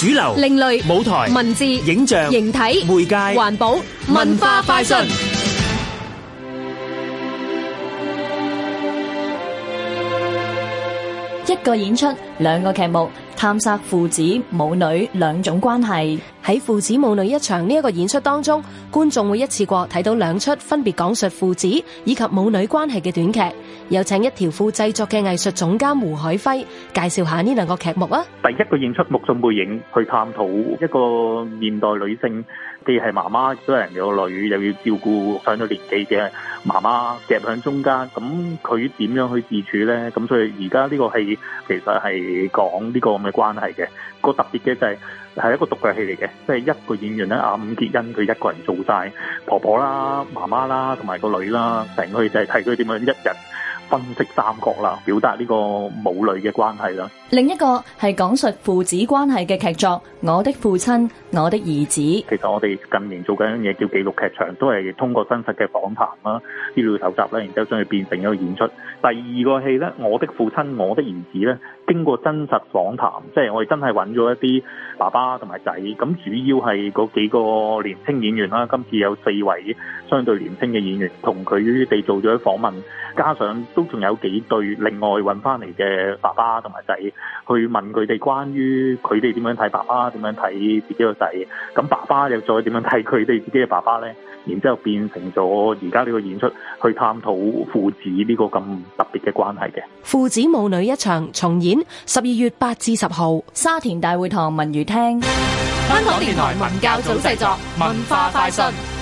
主流、另類、舞台、文字、影像、形體、媒介、環保、文化、快訊，一個演出。兩個劇目探索父子母女兩種關係，喺父子母女一場呢一個演出當中，觀眾會一次過睇到兩出分別講述父子以及母女關係嘅短劇。有請一條褲製作嘅藝術總監胡海輝介紹下呢兩個劇目啊。第一個演出《目送背影》去探討一個現代女性，既係媽媽，都係人哋個女，又要照顧上咗年紀嘅媽媽，夾喺中間，咁佢點樣去自處咧？咁所以而家呢個係其實係。嚟講呢個咁嘅關係嘅個特別嘅就係、是、係一個獨腳戲嚟嘅，即係一個演員咧。阿、啊、伍潔欣，佢一個人做晒婆婆啦、媽媽啦，同埋個女啦，成個就係睇佢點樣一人分析三角啦，表達呢個母女嘅關係啦。另一個係講述父子關係嘅劇作《我的父親我的兒子》。其實我哋近年做緊嘢叫紀錄劇場，都係通過真實嘅訪談啦、資料搜集啦，然之後將佢變成一個演出。第二個戲咧，《我的父親我的兒子》呢咧，經過真實訪談，即係我哋真係揾咗一啲爸爸同埋仔，咁主要係嗰幾個年輕演員啦。今次有四位相對年輕嘅演員同佢哋做咗訪問，加上都仲有幾對另外揾翻嚟嘅爸爸同埋仔去問佢哋關於佢哋點樣睇爸爸，點樣睇自己個仔，咁爸爸又再點樣睇佢哋自己嘅爸爸呢？然之後變成咗而家呢個演出，去探討父子呢個咁特別嘅關係嘅。父子母女一場重演。十二月八至十號，沙田大會堂文娛廳。香港電台文教組製作，文化快訊。